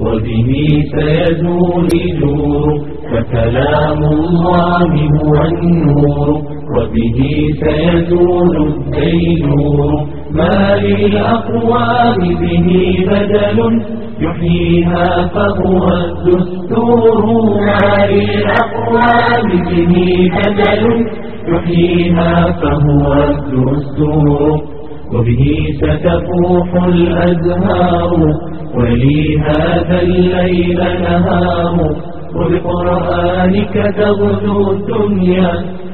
وبه سيزول جورك فكلام الله هو النور وبه سيزول الدينور ما للأقوام به بدل يحييها فهو الدستور ما للأقوام به بدل يحييها فهو الدستور وبه ستفوح الأزهار ولي هذا الليل نهار وبقرآنك تغدو الدنيا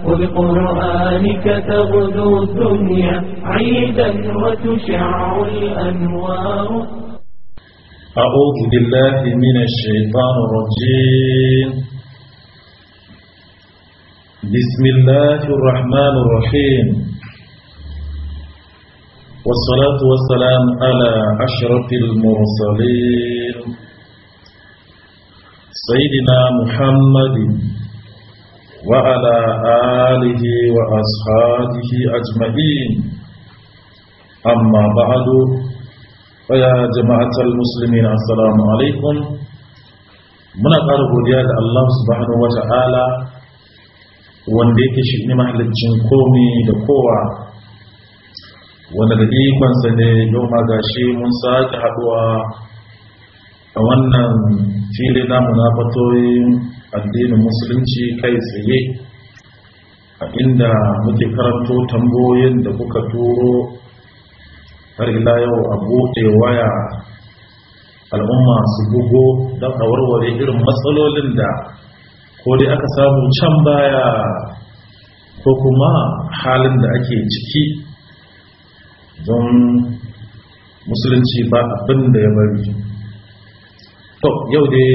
وبقرآنك تغدو الدنيا عيدا وتشع الأنوار أعوذ بالله من الشيطان الرجيم بسم الله الرحمن الرحيم والصلاة والسلام على أشرف المرسلين سيدنا محمد وعلى آله وأصحابه أجمعين أما بعد فيا جماعة المسلمين السلام عليكم من أقرب ديال الله سبحانه وتعالى wa ta'ala wanda yake shi ne wanda da ikonsa ne yau ma shi mun sake haɗuwa? a wannan fili na fatoyin addinin musulunci kai tsaye a inda muke karanto tambayoyin da kuka turo har ila yau a buɗe waya al'umma su bugo don a warware irin matsalolin da ko dai aka samu can baya ko kuma halin da ake ciki don musulunci ba abin da ya bari to yau dai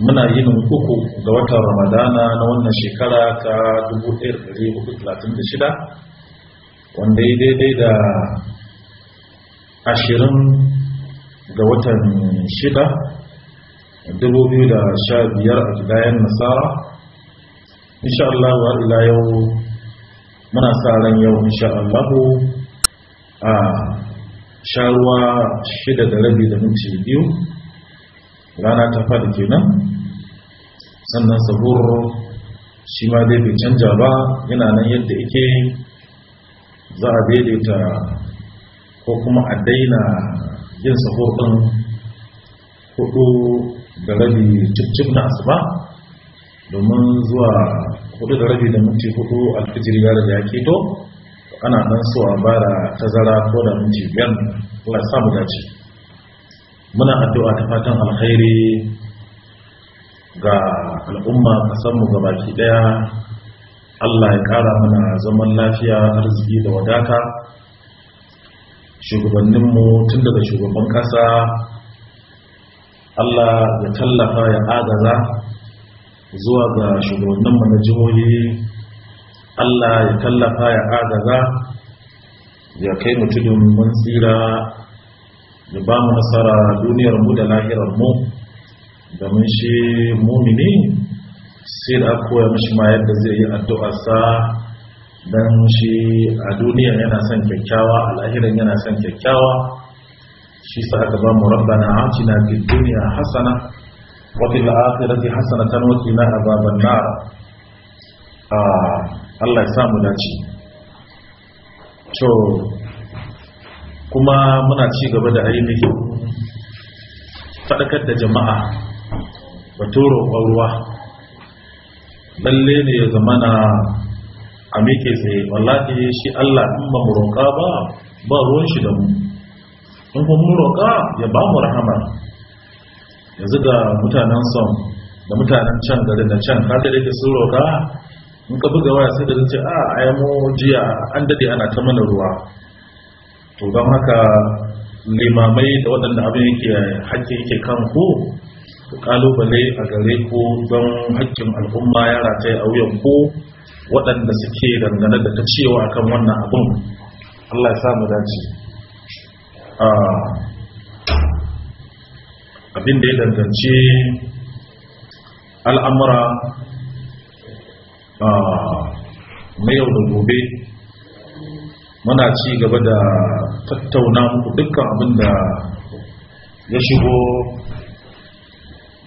muna yin uku ga watan ramadana na wannan shekara ta 1436 wanda ya daidai da ashirin ga watan shida dubu biyu da sha biyar a gidayen nasara Insha'Allah Allah wa ila yau muna sa ran yau insha'Allah. a sharuwa shida da rabi da minti biyu rana ta fada kenan sannan sabuwar shi ma dai bai canja ba yana nan yadda yake za a daidaita ko kuma a daina yin sabuwar ɗin hudu da rabi cikin na asuba domin zuwa hudu da rabi da minti hudu alfijir ya da ya keto ana nan so a bara tazara ko da minti biyar Allah ya samu dace muna addu'a ta fatan alkhairi ga al'umma kasanmu ga baki daya Allah ya kara mana zaman lafiya arziki da wadata shugabanninmu tun daga shugaban kasa Allah ya tallafa ya agaza zuwa ga shugabanninmu na jihohi Allah ya tallafa ya agaza ya kai mu tudun mun tsira da ba mu nasara duniyar mu da lahirar mu mun shi mumini sai da koya mishi ma yadda zai yi addu'a sa dan shi a duniya yana son kyakkyawa a lahirar yana son kyakkyawa shi sa aka ba mu rabbana atina fid dunya hasana wa fil akhirati hasanatan wa qina azaban nar ah. Allah ya samu dace to kuma muna ci gaba da ainihi. faɗakar da jama'a baturo roƙon ruwa lalle ne ya zamana a sai, wallahi shi Allah in ba mu roƙa ba ba ruwan shi da mu in kuma mu roƙa ya ba mu rahama yanzu ga mutanen son da mutanen can gari da can kada da sun roƙa in ka buga waya sai da zan ce ah, a ayamo jiya an dade ana ta mana ruwa to don haka limamai da waɗanda abin yake hakki yake kan ku, ko kalubale a gare ku don hakkin al'umma ya rataye a wuyan ku, waɗanda suke dangane da cewa akan wannan abin Allah ya sa mu dace ah, abin da ya danganci al'amura a ah, yau da gobe muna ci gaba da tattauna muku dukkan abin da ya shigo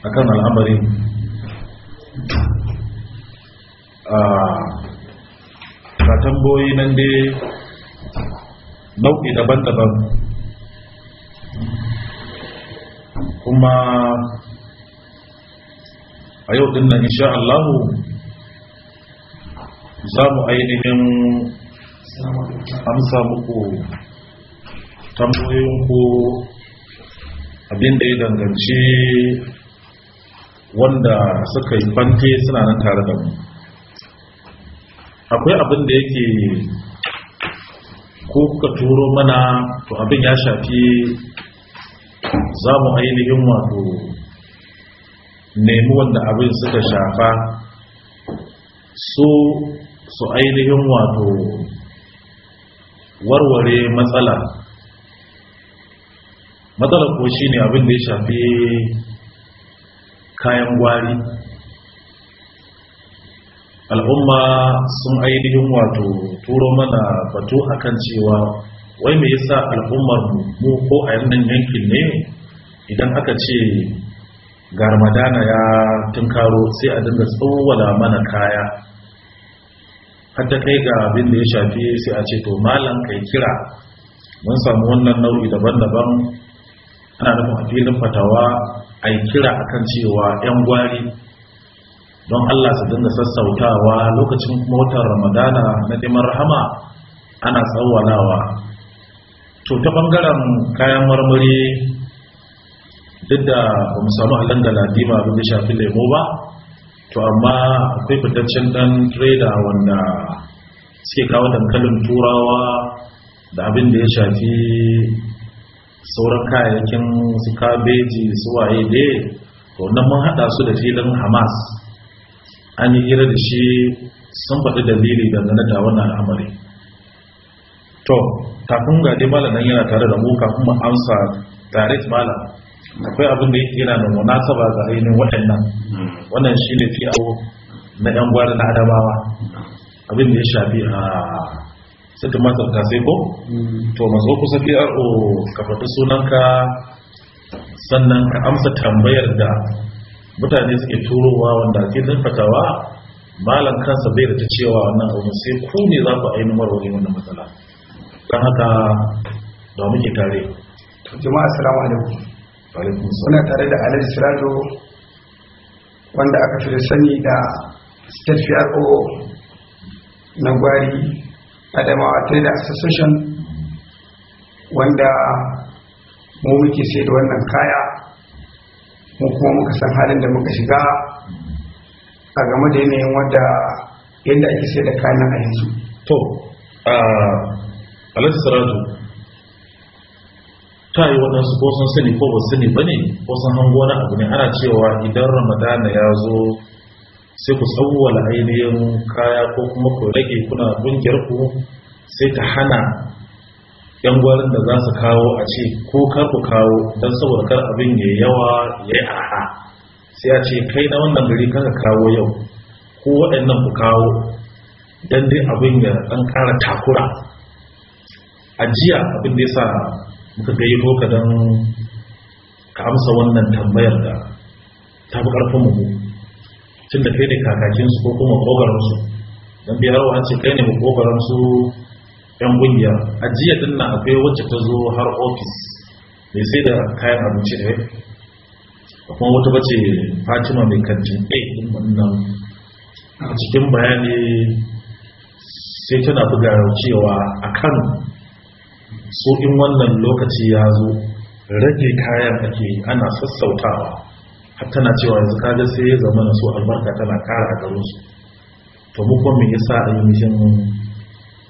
akan al'amari ah, a tamboyi nan dai nau'i daban-daban kuma a yau din insha'allahu za mu ainihin amsa muku tambayoyinku abinda ya danganci wanda suka yi fante suna nan tare da mu akwai abin da yake ko kuka turo mana to abin ya shafi za mu ainihin wato nemi wanda abin suka shafa so su ainihin wato warware matsala matsala ko shi ne abin da ya shafi kayan gwari al'umma sun ainihin wato turo mana batu akan cewa wai me yasa al'ummar mu ko a yannan yankin ne idan aka ce ga ramadana ya tunkaro sai a dinga tsawwala mana kaya har ta kai ga abin da ya shafi sai a ce to malam kai kira mun samu wannan nau'i daban-daban ana nufin a filin fatawa a yi kira akan cewa 'yan gwari don Allah su dinga sassautawa lokacin motar ramadana na neman rahama ana tsawalawa to ta bangaren kayan marmari duk da ba mu samu halin da ladima abin da shafi lemo ba to amma akwai fitaccen dan trader wanda suke kawo dankalin turawa da abin da ya shafi sauran kayayyakin su kabeji su waye dai to nan mun hada su da filin hamas an yi hira da shi sun faɗi dalili dangane da wannan al'amari to kafin ga dai malamin yana tare da mu kafin mu amsa direct malam akwai abin da yake yana da munasaba ga ainihin waɗannan wannan shi ne fi awo na ɗan gwada na adamawa abin da ya shafi a ah, suka masar ta sai ko to maso kusa fi aro ka faɗi sunanka sannan ka amsa tambayar da mutane suke turowa wanda ke fatawa malam kansa bai da ta cewa wannan abu sai ku ne za ku ainihin warware wannan matsala don haka da muke tare jama'a assalamu alaikum muna tare da Alex sirado wanda aka fi sani da state pro na gwari adamawa da association wanda mu muke sai da wannan kaya mu kuma muka san halin da muka shiga a game da yanayin wadda yadda ake sai da kayan a yanzu to Alex sirado ta yi waɗansu ko sun sani ko ba su sani ba ne ko sun hango wani abu ne ana cewa idan ramadana ya zo sai ku tsawwala ainihin kaya ko kuma ku rage kuna ƙungiyar ku sai ka hana yan gwarin da za su kawo a ce ko kar ku kawo don saboda kar abin ya yawa ya yi aha sai a ce kai na wannan gari kan ka kawo yau ko waɗannan ku kawo don dai abin ya ɗan ƙara takura a jiya abin da ya sa muka gayyato ka don ka amsa wannan tambayar da ta fi ƙarfin mu tun da kai ne kakakin su ko kuma su, don biyar an ce kai ne mu su yan ƙungiyar ajiya din na akwai wacce ta zo har ofis mai sai da kayan abinci ne da kuma wata bace fatima mai kantin ɗai ɗin wannan a cikin bayani sai tana buga cewa a kano so in wannan lokaci ya zo rage kayan ake yi ana sassautawa har tana cewa yanzu kaga sai ya zama na so albarka tana kara a su to mu kuma me yasa a yi mishin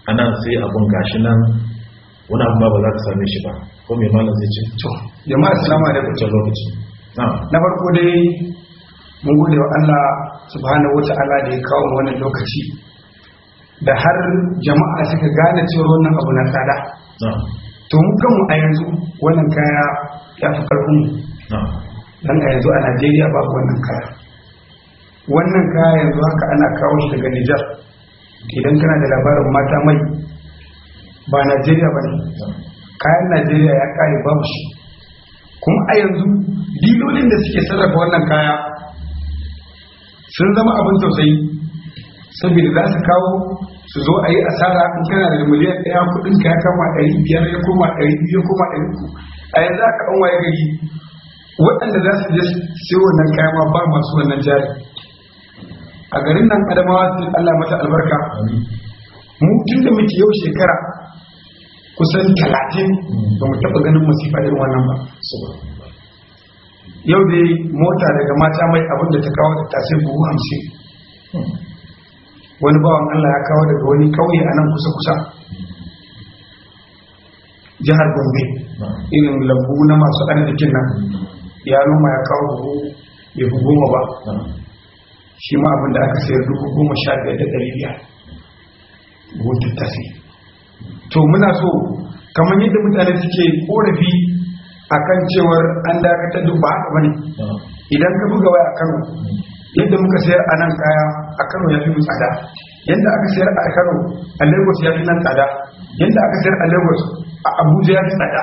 anan sai abun gashi nan wani abu ba za ka same shi ba ko mai malam zai ce to jama'a assalamu alaikum ta lokaci na farko dai mun gode wa Allah subhanahu wata'ala da ya kawo wannan lokaci da har jama'a suka gane cewa wannan abu na tsada to mu kanmu a yanzu wannan kaya ya fi karfin dan a yanzu a Najeriya babu wannan kaya wannan kaya yanzu haka ana kawo shi daga Nijar idan kana da labarin mata mai ba Najeriya ba ne kayan Najeriya ya kare babu shi kuma a yanzu dilolin da suke sarrafa wannan kaya sun zama abin tausayi saboda za su kawo su zo a yi asara in kana da miliyan ɗaya kuɗin ka ya kama ɗari biyar ya koma ɗari biyu ya koma ɗari uku a yanzu aka an waye gari waɗanda za su je sai wannan kayan ma ba masu wannan jari a garin nan adamawa su Allah mata albarka mu tun da muke yau shekara kusan talatin ba mu taɓa ganin masifa irin wannan ba yau dai mota daga mata mai abin da ta kawo da tasiri buhu hamsin wani bawan Allah ya kawo daga wani kauye a nan kusa-kusa jihar gombe irin lambu na masu arzikin nan ya noma ya kawo buhu ya fi goma ba shi ma abinda aka sayar duk goma sha biyar da ɗari biyar buhun tattasi to muna so kamar yadda mutane suke korafi kan cewar an dakatar duk ba haka bane idan ka buga waya a kano yadda muka sayar a nan kaya a kano ya fi mu tsada yadda aka sayar a kano a lagos ya fi nan tsada yadda aka sayar a lagos a abuja ya fi tsada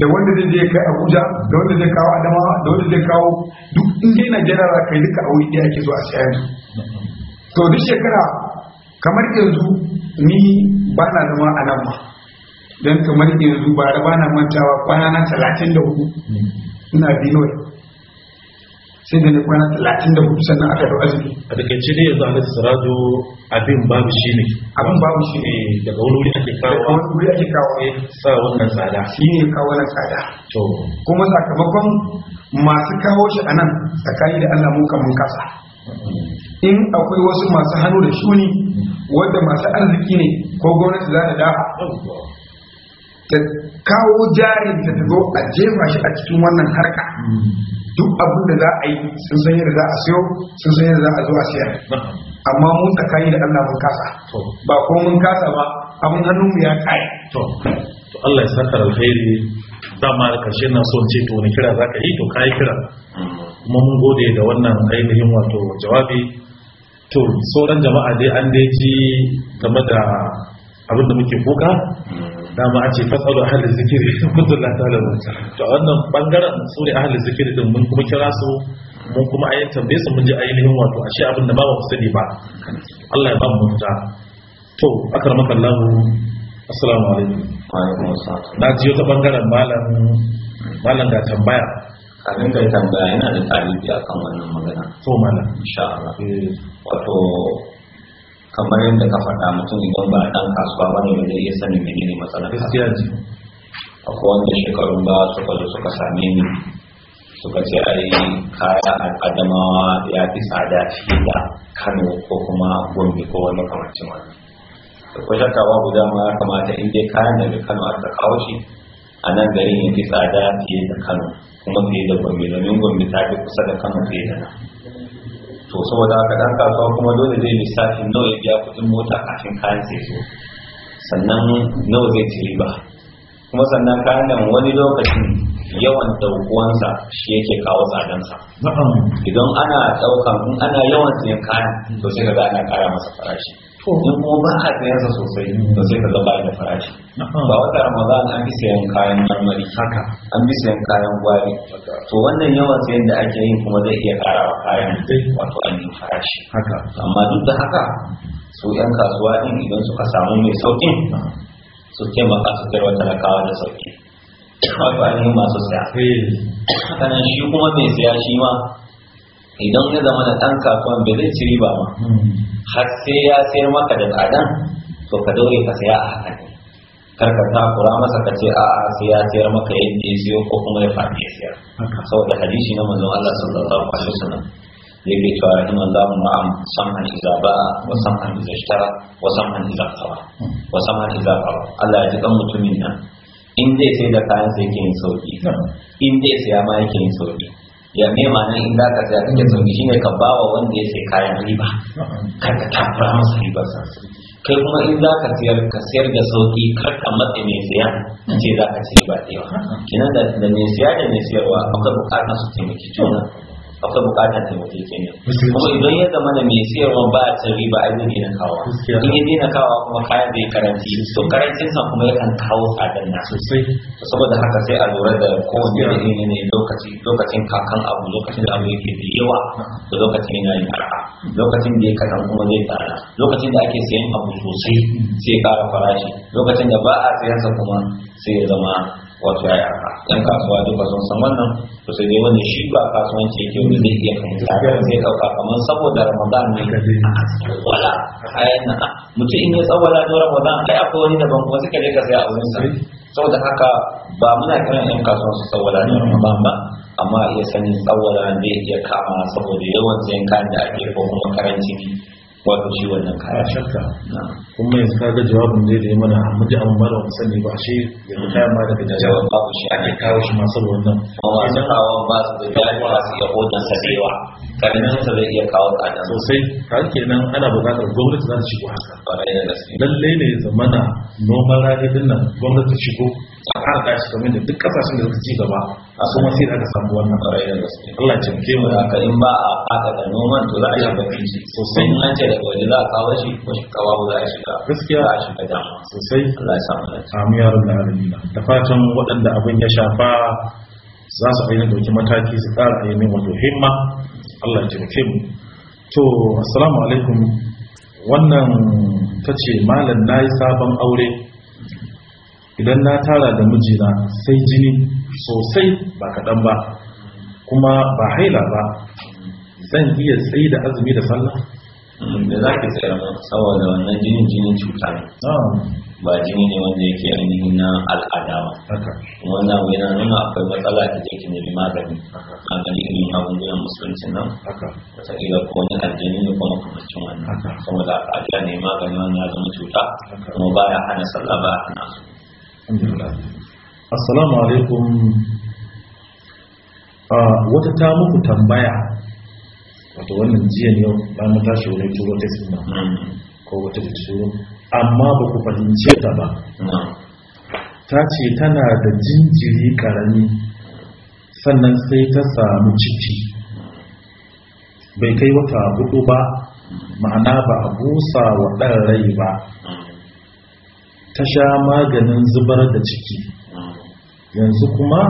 da wanda zai je kai abuja da wanda zai kawo adamawa da wanda zai kawo duk in dai najeriya za kai duka aure ɗaya ake zuwa a siya to duk shekara kamar yanzu ni ba na zama a nan ma dan kamar yanzu ba na mantawa kwana na 34 ina biyu sai da na kwana talatin da hudu sannan aka dau azumi a takaice dai yanzu alhaji sarado abin babu shi ne abin babu shi ne eh, daga wani wuri ake kawo daga wani wuri ake kawo eh, sa wannan tsada shi ne kawo wannan tsada to kuma sakamakon masu kawo shi a nan tsakani da allah muka mun kasa mm-hmm. in akwai wasu masu hannu da shuni mm-hmm. wadda masu arziki ne ko gwamnati za ta dafa ta kawo jarin ta zo a jefa shi a cikin wannan harka mm-hmm. duk abin da za a yi sun san yadda za a siyo sun san yadda za a zo a siyar amma mun tsakani da Allah mun kasa ba ko mun kasa ba abin hannun mu ya kai to Allah ya saka alheri dama da karshe na son ce to wani kira za ka yi to kai kira kuma mun gode da wannan ainihin wato jawabi to sauran jama'a dai an dai ji game da abin da muke kuka ma a ce fasalu ahalin zikiri kuntum la ta'lamun to a wannan bangaren su ne ahalin zikiri din mun kuma kira su mun kuma ayin tambaye su mun ji ainihin wato ashe abin da ba mu sani ba Allah ya ba mu mutunta to akramaka Allah assalamu alaikum wa alaikum assalam na ji ta bangaren malam malam da tambaya kafin kai tambaya yana da tarihi akan wannan magana to malam insha Allah eh. wato kamar yadda ka faɗa mutum idan ba ɗan kasuwa ba ne ba zai iya sanin menene matsalar gaskiya ji a wanda shekarun ba suka zo suka same ni suka ce ai kaya a adamawa ya fi tsada fiye da kano ko kuma gombe ko wani kamacin wani da ko shakka babu dama ya kamata in dai kayan da kano ta kawo shi a nan garin ya fi tsada fiye da kano kuma fiye da gombe domin gombe ta fi kusa da kano fiye da nan to saboda haka dan kasuwa kuma dole zai lissafi nawa ya biya kudin mota kafin kayan sai zo sannan nawa zai ci riba kuma sannan kayan nan wani lokacin yawan daukuwansa shi yake kawo tsadansa idan ana daukan in ana yawan sayan kayan to sai ga ana kara masa farashi nan kuma ba a sayan sa sosai da sai ka zaba da farashi ba wata ramadan an fi sayan kayan marmari haka an fi sayan kayan gwari to wannan yawan sayan da ake yin kuma zai iya karawa wa kayan eh. wato yi farashi haka amma duk da haka su yan kasuwa din idan suka samu mai sauki? su taimaka su kai wata talakawa da sauki wato ainihin masu saya eh. haka shi kuma mai saya shi ma idan ya zama na ɗan kasuwan bai zai ci riba ma. har sai ya sayar maka da tsadan to ka daure ka saya a haka ne kar ka takura masa ka ce a'a sai ya sayar maka yadda ya siyo ko kuma ya faɗi ya sayar saboda hadisi na manzon Allah sallallahu alaihi wasallam ke cewa rahimallahu ma'am samhan idza ba'a wa an idza ishtara wa an idza qara wa an idza qara Allah ya ji kan mutumin nan in zai sai da kayan sai yake yin sauki in zai saya ma yake yin sauki ya me ma'anar in za ka saya kake shi ne ka ba wa wanda ya sai kayan riba kar ka tafura masa riba sa kai kuma in za ka siyar ka siyar da sauki kar ka matse mai siya ce za ka ci riba da yawa da mai siya da mai siyarwa akwai bukatar su taimaki juna akwai bukatar taimake kenya kuma idan ya zama da mai siyarwa ba a cin riba a yi na kawo in ya na kawo kuma kayan zai karanci to karancin sa kuma yakan kawo tsadar na sosai saboda haka sai a lura da kowane irin ne lokaci lokacin kakan abu lokacin da abu yake da yawa da lokacin yana yin arha lokacin da ya kasan kuma zai tsada lokacin da ake sayan abu sosai sai ya kara farashi lokacin da ba a sayan sa kuma sai ya zama wato ya yan kasuwa duk ba sun wannan to sai dai wani shi ba kasuwanci yake wanda zai iya fahimta zai dauka kamar saboda ramadan ne wala ayan na mutum in ya tsawala don ramadan ai akwai wani daban kuma suka je ka sai a wurin sa saboda haka ba muna kiran yan kasuwa su tsawala don ramadan ba amma ya sani tsawala ne ya kama saboda yawan sayan kayan da ake ko kuma karanci wato shi wannan kaya shakka kuma yanzu kaga jawabin zai da ya mana mu ji amma da sani ba shi yanzu kayan ma daga jawabin babu shi ake kawo shi ma saboda wannan masu kawo ba su da jami'a ba su iya hodon sa da yawa karnin sa zai iya kawo tsada sosai kan kenan ana buƙatar gwamnati za ta shigo haka lalle ne zamana noman rani din nan gwamnati shigo a fara tashi kamar da duk kasashen da suka ci gaba a su masu da samu wannan ƙwarai da gaske Allah ce ke mu haka in ba a haka da noman to za a shiga kici sosai in an ce daga waje za a kawo shi ko shi kawo ba za a shiga gaskiya a shiga dama sosai Allah ya samu da samu yaron da alamina da fatan waɗanda abin ya shafa za su ainihin dauki mataki su ƙara ainihin wato himma Allah ya taimake mu to assalamu alaikum wannan ta ce malam na yi sabon aure idan na tara da mijina sai jini sosai ba kaɗan ba kuma ba haila ba zan iya tsayi da azumi da sallah mm, da za ka tsira saboda wannan jinin jinin cuta ne ba jini ne wanda yake ainihin na al'ada ba wannan abu yana nuna akwai matsala ta je ki nemi magani a gani irin magungunan musulunci nan wataƙila ko wani aljani ne ko cin wannan saboda al'ada ne magani wannan ya zama cuta kuma ba ya hana sallah ba hana assalamu alaikum ah, wata ta muku tambaya wato wannan jiyan yau ba mu tashi wani turo ta suna mm. ko wata da turo amma ba ku fahimce ta ba mm. ta ce tana da jinjiri karami sannan sai ta samu ciki bai kai wata hudu ba mm. ma'ana ba a busa wa ɗan rai ba ta sha maganin zubar da ciki yanzu kuma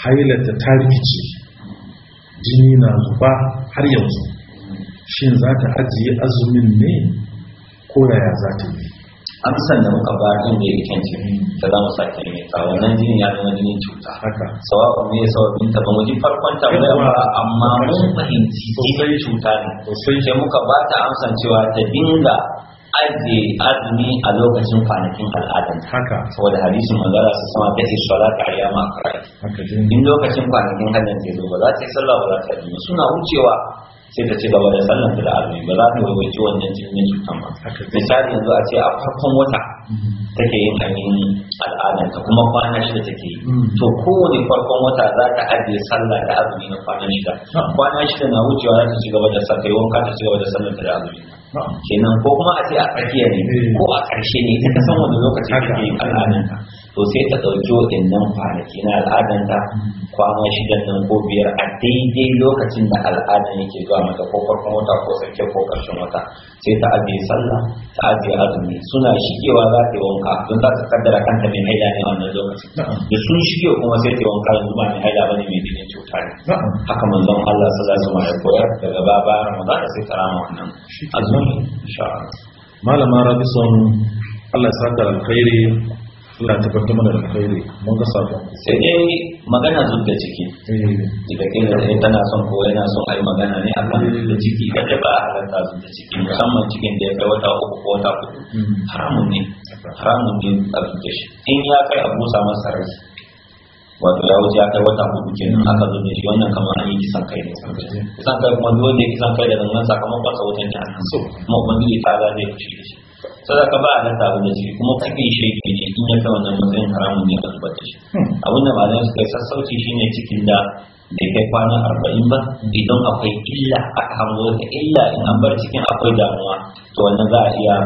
hailata ta rikici jini na zuba har yanzu shin za ta ajiye azumin ne ko yaya za ta yi amsan da muka ba din da yake jini za mu sake ne ta wannan jini ya zama jini cuta haka sawa'un ne sawa'un ta ba mu ji farkon ta ba amma mun fahimci sosai cuta ne sosai sai muka ba ta amsan cewa ta dinga ajiye azumi a lokacin kwanakin al'adar haka saboda hadisin manzara su sama ta ce shara ta a in lokacin kwanakin hannun ta zo ba za ta yi sallah ba za ta yi suna wucewa sai ta ci gaba da sallan ta da azumi ba za ta yi waiwaci wannan jinin cutan ba misali yanzu a ce a farkon wata take yin ainihin al'adar ta kuma kwana shida take yi mm. to kowane farkon wata za ta ajiye sallah da azumi na kwana shida kwana shida na wucewa za ta ci gaba da sallah kai wanka ta ci gaba da sallan ta da azumi kenan ko kuma a ce a tsakiya ne ko a ƙarshe ne ta san wani lokaci ke yin ka to sai ta ɗauki waɗannan kwanaki na ka kwana shidan nan ko biyar a daidai lokacin da al'adan yake zuwa mata ko farkon wata ko sake ko ƙarshen wata sai ta ajiye sallah ta ajiye azumi suna shigewa za ta yi wanka don za ta kaddara kanta mai haila ne wannan lokacin da sun shige kuma sai ta yi wanka yanzu ba mai haila ba ne mai dinin tare haka manzon Allah sallallahu alaihi wasallam ya koyar daga baba Ramadan sai ta rama wannan azumi insha Allah malama Rabison Allah ya saka alkhairi Allah ya tabbata mana da alkhairi mun ga sabon. sai dai magana zuwa da ciki eh. daga kin da tana son ko yana son ai magana ne akan da ciki da da ba halatta zuwa da ciki musamman cikin da ya kai wata uku ko wata hudu hmm. haramun ne haramun ne a zub da shi in ya kai abu sa masa rai wato ya wuce ya kai wata hudu nan aka zo shi wannan kamar an yi kisan kai ne kisan kai kuma wanda ya kisan kai da sa kamar sa wajen da annan so kuma ne ta ga zai fushi shi sai ka ba a nan tabu da shi kuma kakin ke ne in ya kai wannan matsayin haramun ne ka zubar da shi abin da zan suka yi sassauci shine cikin da da kai kwana arba'in ba idan akwai illa aka hango wata illa in an bar cikin akwai damuwa to wannan za a iya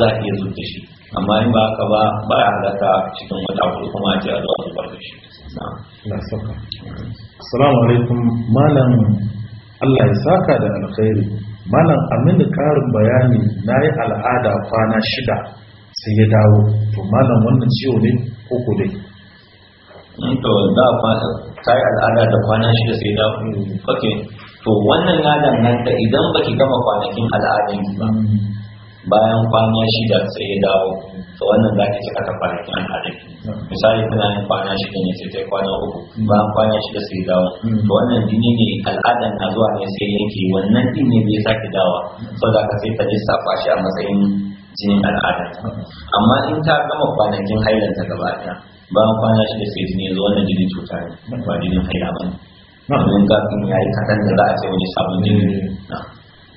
za a iya zubar da shi amma in ba haka ba ba a halatta cikin wata hudu kuma a ce a zo a zubar da shi assalamu alaikum malam Allah ya saka da alkhairi malam aminu karin bayani na yi al'ada kwana shida sai ya dawo to malam wannan ciwo ne ko ko dai eh, to da ta yi al'ada da kwana shida sai ya dawo ok to wannan nan ta idan baki gama kwanakin al'adanki ba mm. bayan kwana shida sai ya dawo to wannan za ka ci aka kwanakin al'adun misali kuna yin kwana shida ne sai kai kwana uku ba kwana shida sai dawo to wannan jini ne al'adan na zuwa ne sai yanke wannan din ne bai sake dawa so za ka sai ta lissafa shi a matsayin jinin al'ada. amma in ta gama kwanakin hailanta gaba ɗaya bayan kwana shida sai jini ya zo wannan jini cuta ne ba jinin haila ba ne domin zafin ya yi kaɗan da za a ce wani sabon jini. Eh.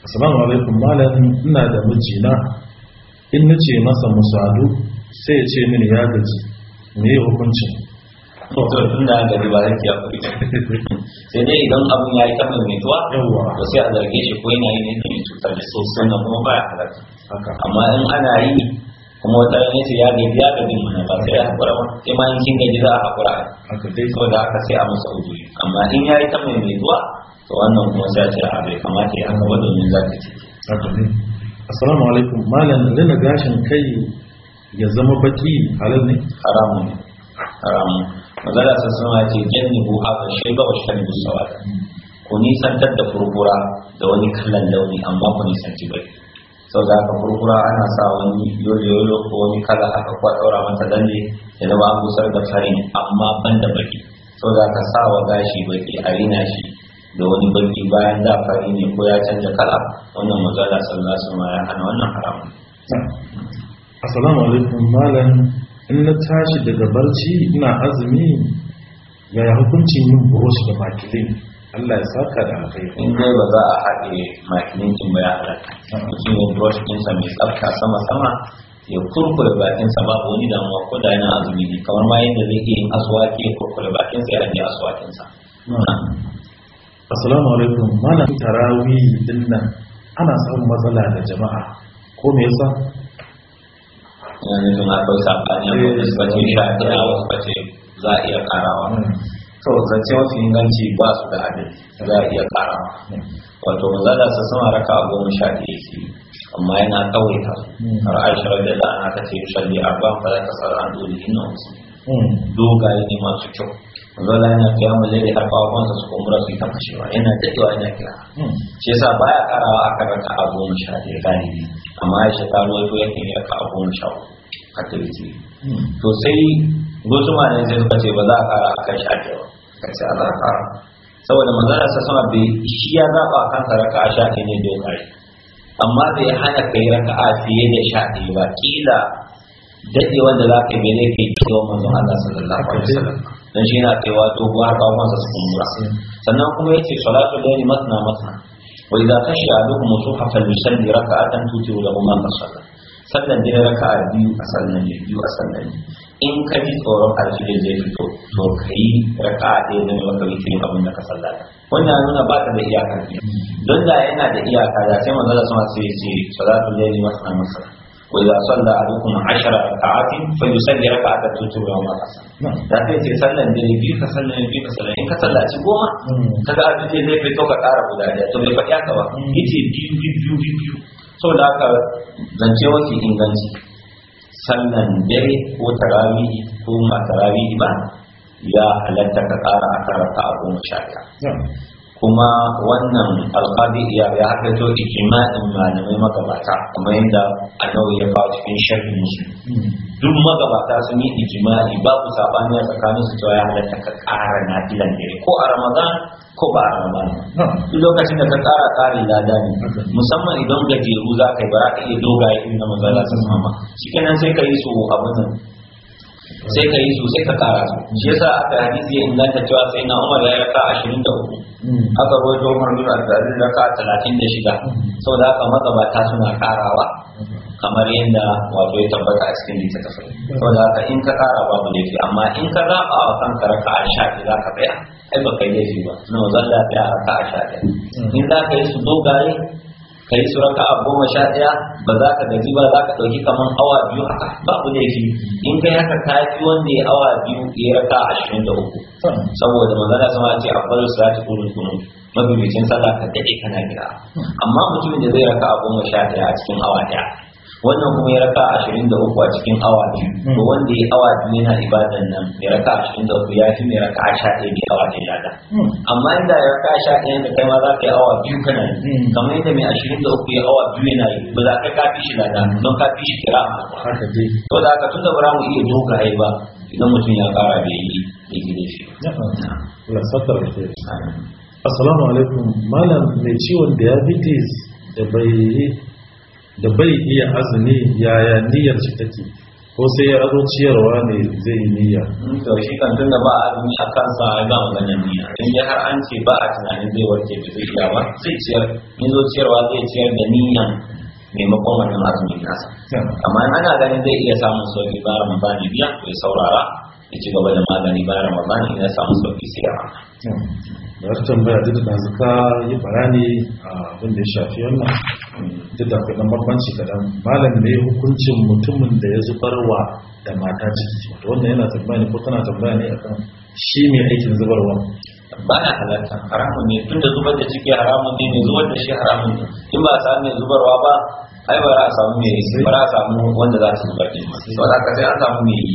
Assalamu alaikum malam ina da mijina in na ce masa musadu sai ce mini ya gaji me ya hukuncin tunda aka riba yake ya kuri sai dai idan abun ya yi kafin mutuwa to sai a zarge shi ko yana yi ne da cutar da sosai na kuma baya halarci amma in ana yi kuma wata ne sai ya gaji ya gaji mana ba sai ya haƙura ba sai ma in kin gaji za a haƙura saboda haka sai a masa uzuri amma in ya yi kafin mutuwa to wannan kuma sai a ce a kamata ya haka ba domin za ka ce assalamu alaikum malam rina gashin kai ya zama baki halal ne haramu ne haramu magana sun sama ce janni bu haka shi ba wa shan musawa ku nisantar da furfura da wani kallon launi amma ku nisanci bai sau da aka furfura ana sa wani yoyo ko wani kala aka ko daura mata dande ya zama an busar da farin amma ban da baki sau da aka sa wa gashi baki a rina shi da wani baki bayan da fari ne ko ya canza kala wannan mazala sallallahu alaihi wasallam ya hana wannan haram assalamu alaikum malam in na tashi daga barci ina azumi ya hukunci yin burush da makilin Allah ya saka da alkhairi in dai ba za a haɗe makilin kin ba ya shi ne din sa mai tsafta sama sama ya kurkure bakinsa babu wani damuwa ko da yana azumi kamar ma yadda zai iya yin aswaki ya kurkure bakinsa ya ajiye aswakinsa assalamu alaikum mana tarawih din nan ana samun matsala da jama'a ko me yasa yanzu sun akwai sabani wanda eh, suka ce eh. sha ɗaya wasu ka ce za a iya karawa hmm. to zance wasu inganci ba su da abin za a iya karawa hmm. wato mazala su sama raka goma sha ɗaya ke amma yana kawaita hmm. har aisha rabbi da ana ta ce shalli arba fa za ka sarra an dole hinna wasu dogaye ne masu kyau zola yana mu laili har kawafansa su kumbura su yi ta ba yana daɗewa yana kira hmm. shi yasa baya karawa aka raka a goma sha ɗaya galibi amma ya shi karo wato yake yi ka a goma sha a tiriti hmm. to sai ma ne sai suka ce ba za a kara a kan sha ɗaya ba ka ce a za a kara saboda manzara sa sama bai shi ya zaɓa a kansa ka a sha ɗaya ne da ya amma bai hana ka yi raka a fiye da sha ɗaya ba kila daɗe wanda za ka yi bai ne kai kiwon manzon Allah sallallahu alaihi wasallam dan shi yana kaiwa doguwa har kawon masa su kumbura sannan kuma ya ce salatu laili matna matna wa idza kashi ahadukum suhafa yusalli raka'atan tutiru lahu ma qasalla sallan dai raka'a biyu a sallan dai biyu a sallan in ka ji tsoron alfijir zai fito to kai raka'a ɗaya don maka witirin abin da ka sallata wannan nuna ba ta da iyaka don da yana da iyaka da sai manzo da sama sai ce salatu laili matna matna Gudansar da a bikin ashirar ta'a fim faidusar ya raba a ka turtura ma'aikatar da ta yi ce sannan da ya yi bi ka sannan da ya yi bi ka salamin ka goma ta da a cikin laifin sauƙa ƙara gudanar da a ka ba yi ce bi bi biyu biyu sau da aka zance wani inganci sannan da ko ta rami ko masarar da ya bani halatta ka kara a karata a goma shari'a. kuma wannan alƙadi ya ya hakato ijma'in malamai magabata kuma yadda nau ya fa cikin sharhin musu duk magabata sun yi ijma'i babu sabani a tsakanin su cewa ya halatta ka ƙara filan dare ko a ramadan ko ba a ramadan duk lokacin da ka ƙara ƙari lada ne musamman idan gajeru za ka yi ba za ka iya dogaye na mazala sun mama sai ka yi su abin sai ka yi su sai ka kara su shi yasa aka hadisi ya inganta cewa sai na umar ya raka ashirin da hudu. Hmm. aka rawaito umar bin abdulaziz raka talatin da shida hmm. saboda ba ta suna karawa kamar yadda wato ya tabbata a cikin littattafai hmm. saboda aka in ka kara ba mu laifi amma in ka zaɓa a kanka raka a sha za ka tsaya ai ba kai laifi ba zan lafiya a raka a in za ka yi su dogaye ka yi suraka a goma sha ɗaya ba za ka gaji ba za ka ɗauki kamar awa biyu haka Ba babu laifi in kai haka ka fi wanda ya awa biyu ya raka ashirin da uku saboda magana sama ce a farin surati kunu kunun mabibicin sallah ka daɗe kana kira amma mutumin da zai raka a goma sha ɗaya a cikin awa ɗaya wannan kuma ya raka ashirin da uku a cikin awa biyu hmm. to wanda ya awa biyu yana ibadan nan mai raka ashirin da uku ya fi mai raka sha ɗaya mai awa ɗaya lada hmm. amma inda ya raka sha da kai ma za ka yi awa biyu kana yi hmm. kamar yadda mai ashirin da uku ya awa biyu yana yi ba za ka kafi shi lada don kafi shi kira to da ka tun da ba mu iya doka ba idan mutum ya kara bai yi da gidan shi. Assalamu alaikum malam mai ciwon diabetes da bai da bai iya azumi yaya niyyar shi take ko sai ya azo ciyarwa ne zai yi niyya hmm, to shi kan tunda ba a azumi a kansa ga wannan niyya in ya har an ce ba a tunanin zai warke da zai iya ba zai ciyar in zo ciyarwa zai ciyar da niyyan maimakon wannan azumin nasa amma ana ganin zai iya samun sauki ba ramadan biya to ya saurara ya ci gaba da magani ba ramadan ya samu sauki sai ya da Ba tambaya duk da zuka yi barani abin da ya shafi wannan duk da kuma bambanci kadan malam ne hukuncin mutumin da ya zubarwa da mata ciki wanda wannan yana tambaya ne ko tana tambaya ne akan shi mai aikin zubarwa ba na halarta haramun ne tunda da zubar da ciki haramun ne zubar da shi haramun ne in ba a samu mai zubarwa ba ai ba za a samu mai ba za a samu wanda za su zubar da shi ba za ka sai an samu mai yi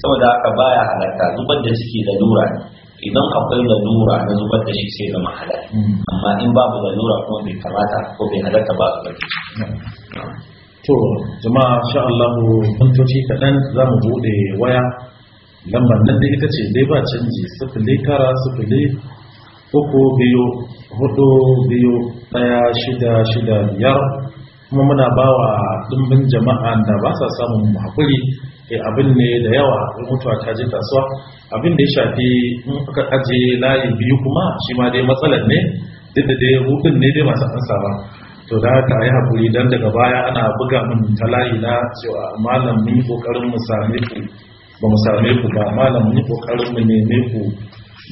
saboda haka baya halarta zubar da ciki da lura ne idan akwai lalura na zubar da shi sai zama halal hmm. amma in babu lalura kuma bai kamata ko bai halatta ba zubar da hmm. to jama'a sha Allah kaɗan za mu buɗe waya lambar nan da ita ce dai ba canji sifili tara sifili uku biyu hudu biyu ɗaya shida shida biyar kuma muna bawa wa ɗimbin jama'a da ba sa samun hakuri Eh, abin ne da yawa in mutuwa ta je kasuwa abin da ya shafi in aka aje layi biyu kuma shi ma dai matsalar ne duk da dai hudun ne dai masu ansa ba to da ta yi hakuri dan daga baya ana buga min ta layi na cewa malam mun yi kokarin mu same ku ba mu same ku ba malam mun yi kokarin mu neme ku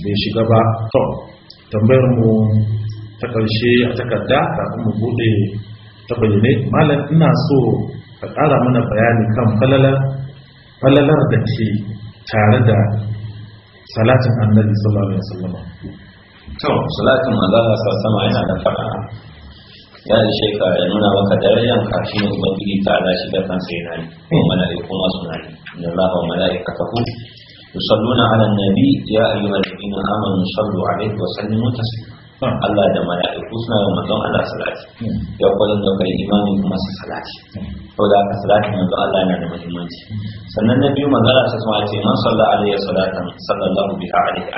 bai shiga ba to tambayar mu ta karshe a takarda kafin mu bude ta bayyane malam ina so ka ƙara mana bayani kan falalar falalar da ke tare da salatin annabi sallallahu alaihi wasallam to salatin manzala sa sama yana da fara ya da sheka ya nuna maka darajar ka shi ne ubangiji ta ala shi da kansa yana yi kuma mala'iku masu na yi inna allaha wa mala'ikatahu yusalluna ala nabi ya ayyuhal ladina amanu sallu alaihi wa sallimu taslima Allah da mala'iku suna yin manzon Allah salati hmm. ya da kai imani kuma su salati to hmm. da salati manzon Allah yana da muhimmanci hmm. sannan na biyu magana ta sai ce man salla alayhi salatan sallallahu biha alayhi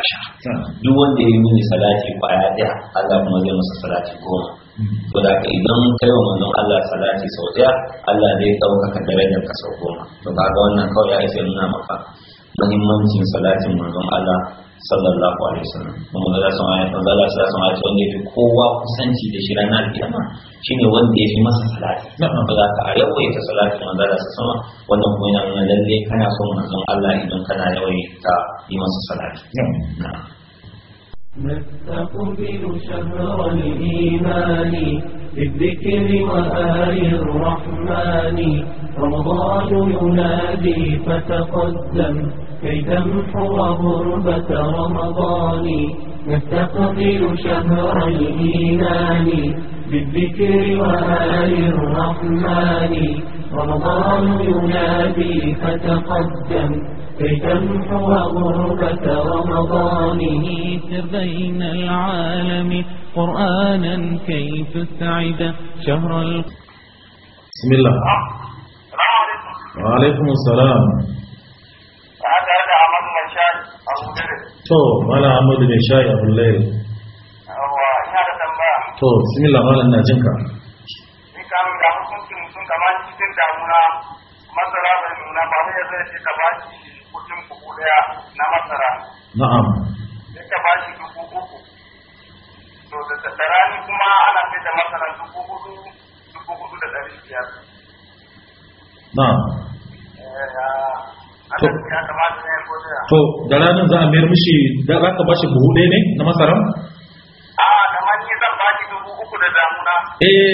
duk wanda ya yi mini salati kwaya daya Allah kuma zai masa salati goma to da ka idan kai wa manzon Allah salati sau daya Allah zai ɗaukaka darajar ka sau goma to kaga wannan kawai ya isa nuna maka muhimmancin salatin manzon Allah sallallahu alaihi wasallam kuma da sun ayat manzon Allah sallallahu alaihi wasallam wanda kowa kusanci da shi ranar kiyama shine wanda ya fi masa salati na ba za ka yawaita salatin manzon Allah sallallahu alaihi wasallam wannan kuma yana nuna lalle kana son manzon Allah idan kana yawaita yi masa salati نستقبل شهر الإيمان بالذكر وآل الرحمن رمضان ينادي فتقدم كي تمحو غربة رمضان نستقبل شهر الإيمان بالذكر وآل الرحمن رمضان ينادي فتقدم كي تمحو غربة رمضان بين العالم قرآنا كي تسعد شهر بسم الله wa alaikum salam ta tare da amadu mai shayi a bulle to mala amadu mai shayi a bulle yawa ina da tambaya to bismillah malam na jinka ni kam da hukuncin mutum kamar cikin damuna masara bai nuna ba ya zai ce ka ba shi kudin buhu na masara na'am ya ka ba shi uku to da tsarani kuma ana sai da masara dubu hudu dubu da dari biyar na'am eh, to da ranar za a mayar mishi da za ka bashi buhu ne na masara? a da manke zan bashi dubu uku da damuna eh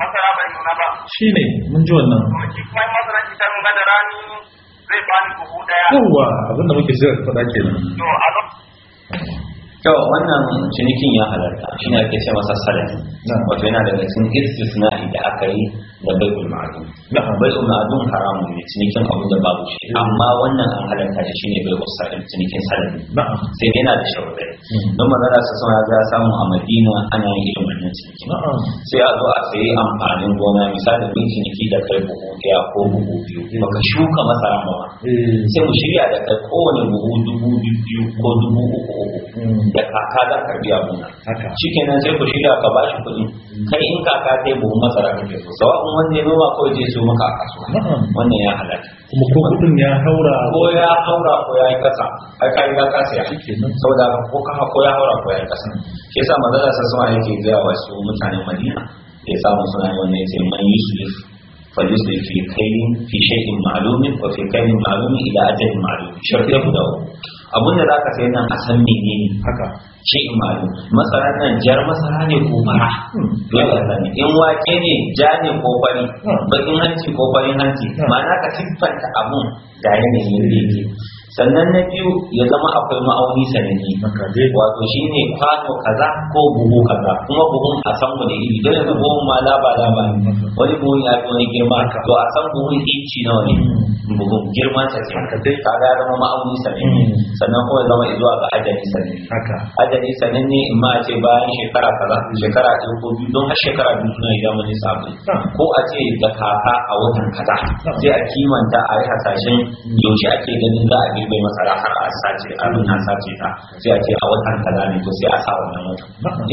masara bai nuna ba shi ne mun ji wannan kuma masara ita nuna da rani zai bani buhu daya yawwa abinda muke sai faɗa kenan to a to wannan cinikin ya halarta shi ne ake ce masa salati wato yana daga cikin istisna'i da aka yi da bai'ul ma'adun bai'ul ma'adun haramun ne cinikin abin da babu shi amma wannan an halarta shi shine bai'ul salim cinikin salim sai dai yana da shawarai don manzara sa za ya samu a madina ana yin irin wannan cinikin sai a zo a sayi amfanin gona misali mun ciniki da kai buhu ɗaya ko buhu biyu baka shuka masara ba sai mu shirya da kai kowane buhu dubu biyu ko dubu uku da kaka za ka biya muna shikenan sai ku shirya ka bashi kuɗi kai in kaka sai buhun masara kake so sawa'un wanda ya noma kawai je su maka a kasuwa wannan ya halatta kuma ko kuɗin ya haura ko ya haura ko ya yi kasa ai ka yi ake nan saboda ko ka ko ya haura ko ya yi kasa shi yasa manzon sa sama yake wa wasu mutanen Madina da ya samu suna wannan yace man yusuf فيصلي في كيل في شيء معلوم وفي كيل معلوم الى اجل معلوم شرط له abun da zaka sai nan a san menene haka shi imalu masara nan jar masara ne ko fara ya hmm. ka in wake ne ja ne ko fari hmm. bakin hanci ko farin hanci hmm. ma'ana ka tiffanta abun da yanayin da yake sannan na biyu ya zama akwai ma'auni sanadi wato shi ne kwano kaza ko buhu kaza kuma buhun a san wani iri don yanzu buhun ma laba laba ne wani buhun ya fi wani girma to a san buhun inci na wani hmm. buhun girman sa ce ka dai kaga ya zama ma'auni sanadi hmm. sannan kuma ya zama izuwa ga ajali sanadi ajali sanadi ne in ma a ce bayan shekara kaza hmm. shekara ɗaya ko biyu don har shekara biyu suna yi zamanin sabu ko a ce da kaka a watan kaza sai a kimanta a yi hasashen yaushe ake ganin za a je bai masa har a sace a nuna sace ta sai a ce a watan kaza ne to sai a sa wannan wata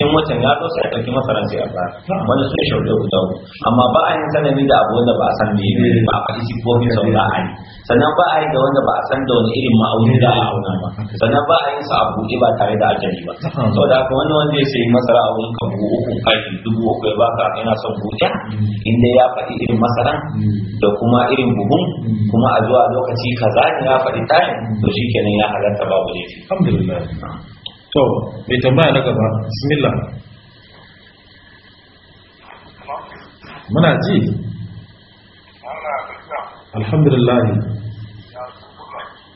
in watan ya zo sai a ɗauki masaran sai a ba wanda sun shauri guda amma ba a yin sanani da abu wanda ba a san ne ba a faɗi sifofin sau da a yi sannan ba a yi ga wanda ba a san da wani irin ma'auni da a auna ba sannan ba a yin sa a buɗe ba tare da ajali ba saboda haka wani wanda ya sayi masara a wurin kabu uku kashi dubu uku ya baka yana son buɗe mm. inda ya faɗi irin masaran mm. da kuma irin buhun mm. kuma a zuwa lokaci kaza ne ya faɗi tayin to shi kenan ya halatta babu laifi alhamdulillah to mai tambaya na gaba bismillah muna ji alhamdulillah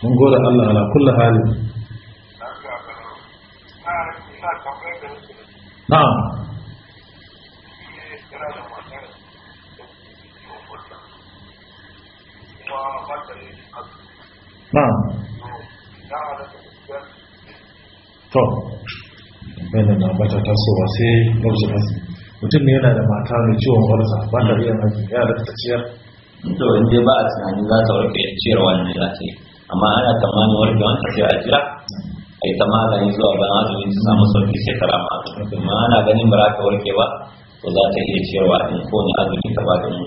mun gode Allah ala kulli hali na'am na'am to bayanan na bata ba sai ɗauki ba mutum ne yana da mata mai ciwon warsa ba da riyar hajji ya da ta ciyar to inda ba a tunanin za ta warke ciyar wannan za ta yi amma ana tsammanin warkewan ka sai a jira a yi ta magani zuwa bayan azumi su samu sauki sai ka rama amma ana ganin ba za warke ba to za ta iya cewa in ko ne azumi ta ba da mu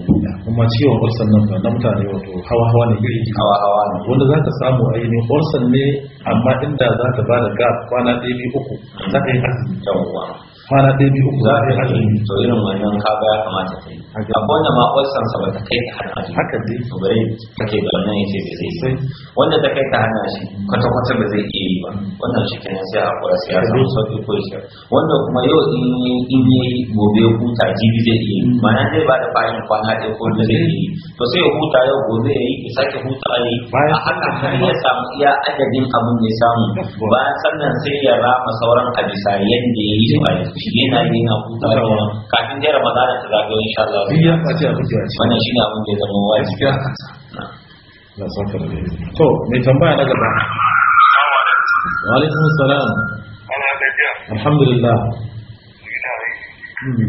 kuma ciwon orsan nan na mutane wato hawa hawa ne iri hawa hawa ne wanda za ka samu ainihin orsan ne amma inda za ka ba da gab kwana ɗaya biyu uku za ka yi azumi kwana ɗaya biyu uku za a yi azumi to irin wannan kaga ya kamata ta yi abuwan ma maƙwarsan sa ba ta kai ta hana azumi haka dai to bare ta kai ba nan yake da zai sai wanda ta kai ta hana shi kwata kwata ba zai iya yi ba wannan shi kenan sai a kura sai ya samu sauƙi ko shi wanda kuma yau in in yi gobe huta jibi zai iya yi mm. ma'ana zai ba da bayan kwana ɗaya ko da zai iya yi to sai ya huta yau gobe ya yi ya sake huta ne a haka har ya samu iya adadin abin da ya samu bayan sannan sai ya rama sauran a bisa yadda ya yi su a yana yin hutarwa kafin dai ramadana ta zagayo insha Allah ya a wannan shine abin da zama na da to mai tambaya na gaba wa alaikum salam alhamdulillah ba shin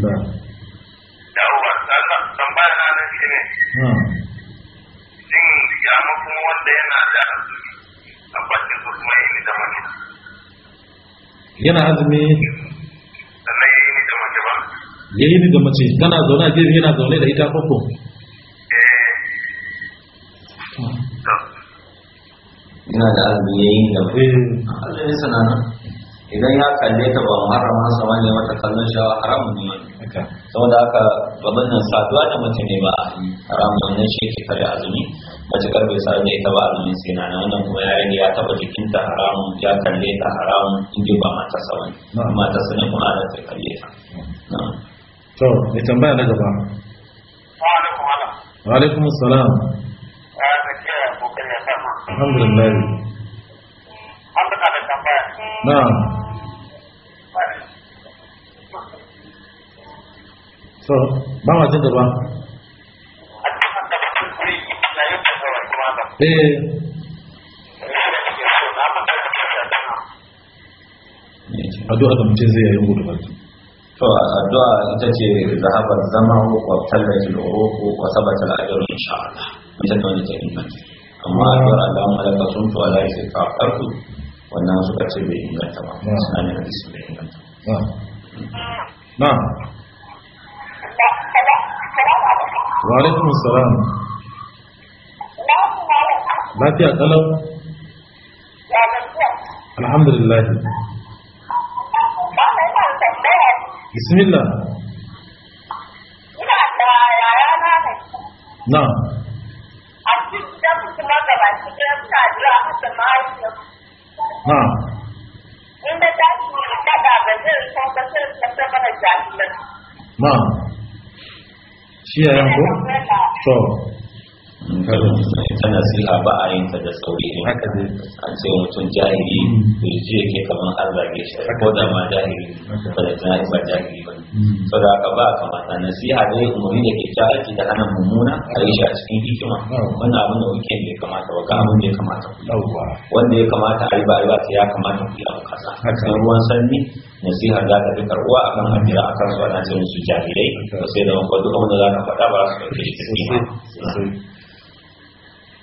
ya wanda yana da kuma da yana azumi Yayi da mace ya yi ni ga mace kana zaune a gefe yana zaune da ita koko yana eh. da azumi ya yi da Allah ya sanana idan ya kalle ta ba harama sa wani mata kallon shawa haramun ne saboda haka babban nan saduwa da mace ne ba a haramun nan shi ke kare azumi matuƙar bai sa da ita ba azumin sai na wannan kuma ya yayin ya taba jikinta haramun ya kalle ta haramun in ji ba mata sa wani mata sa ne kuma ana ta kalle ta to mai tambaya na gaba wa alaikum assalam alhamdulillah na'am so ba ma jin gaba eh addu'a da mutum zai yayin gudu baki to addu'a ita ce zahabar zama wa tallafi da roko wa sabata da ajiyar insha Allah ita ta wani ta inganta amma addu'ar Allah malaka sun to Allah ya ka farko wannan suka ce bai inganta ba ah. suna ne hadisi bai inganta ah. na wa alaikum assalam lafiya kalau alhamdulillah bismillah ina da na ne na a cikin da kuma da ba jira mai na inda ta da da zai ta mana na shi yayan ko to ta nasiha ba a yin ta da sauri ne an ce mutum jahili birji yake kamar an zage shi ko da ma jahili ba da tunani ba jahili ba hmm. so da haka ba kamata nasiha dai umarni da ke aiki da hana mummuna a yi shi a cikin hikima wannan abin da kamata ba ga abin da ya kamata ku wanda ya kamata a yi ba a yi ba ya kamata ku yi abu ruwan sanyi nasihar za ta fi karɓuwa akan hajjira a kan su ana ce musu jahilai sai da za ka faɗa ba su ɗauke shi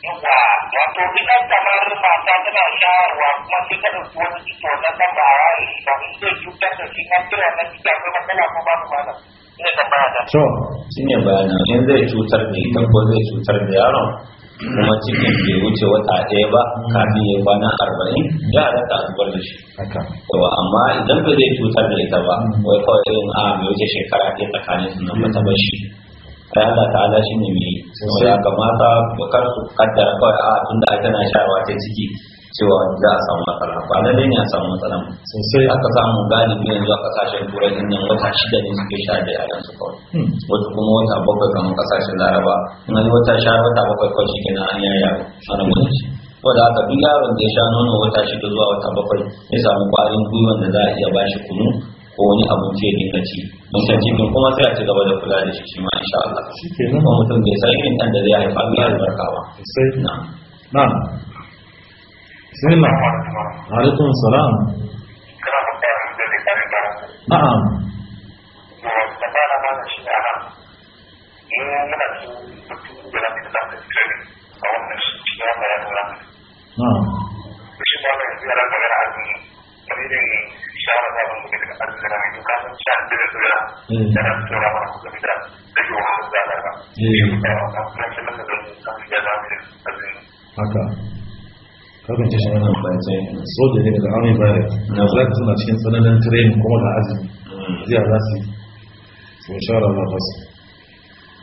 duka wato idan kamar mata tana shawarwa kuma sai ta ɗauki wani ciki wannan nan ba a waye ba mu zai cutar da shi kan cewa na ciki akwai matsala ko ba mu malam ina tambaya da. to shi ne bayanin in zai cutar da ita ko zai cutar da yaron kuma cikin bai wuce wata ɗaya ba kafin ya kwana arba'in ya halatta ta zubar da shi. Yawa amma idan ba zai cutar da ita ba wai kawai irin a bai wuce shekara ɗaya tsakanin su nan ba ta bar shi. ai Allah ta'ala shi ne mai saboda mata kar su kaddara kawai a tunda ai tana sharwa ta ciki cewa za a samu matsala ba na dai ne a samu matsala sosai aka samu galibi yanzu a kasashen turai din nan wata shida ne suke sha da yaran su kawai hmm. wata kuma wata bakwai kamar kasashen laraba in an yi wata sha wata bakwai kawai shi kenan an yi yaro ana wani shi saboda aka duk yaron da ya sha nono wata shida zuwa wata bakwai ya samu kwarin gwiwan da za a iya bashi kunu ko wani abu zai dinga ci mun san cikin kuma sai a ci gaba da kula da shi shi ma insha Allah shikenan kuma mutum bai san irin dan da zai haifa Allah ya barka ba sai na na bismillah wa alaikum salam na'am Na'am. Shi ba ka yi magana a irin ishara da mun da azzara mai duka sha da sura da sura ba ku da da da yo da da da ba shi da da da da haka kakan ce shi wannan bayan soja ne daga army barracks na za ka suna cikin tsananin training kuma da azumi zai a su So insha Allah ba su